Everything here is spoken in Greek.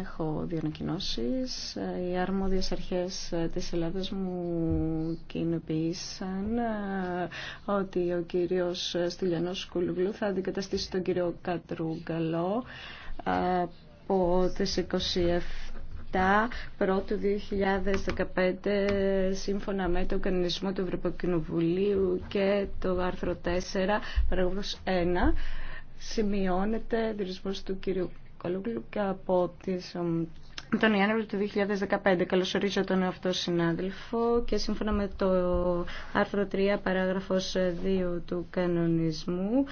έχω δύο ανακοινώσει. Οι αρμόδιε αρχές της Ελλάδας μου κοινοποίησαν ε, ότι ο κύριος Στυλιανό Κουλουγλού θα αντικαταστήσει τον κύριο Κατρούγκαλό από τι 27 πρώτου 2015 σύμφωνα με τον κανονισμό του Ευρωπαϊκού Κοινοβουλίου και το άρθρο 4 παραγωγός 1 σημειώνεται διορισμός του κύριου Καλούγλου και από τις, τον Ιανουάριο του 2015. Καλωσορίζω τον αυτό συνάδελφο και σύμφωνα με το άρθρο 3 παράγραφος 2 του κανονισμού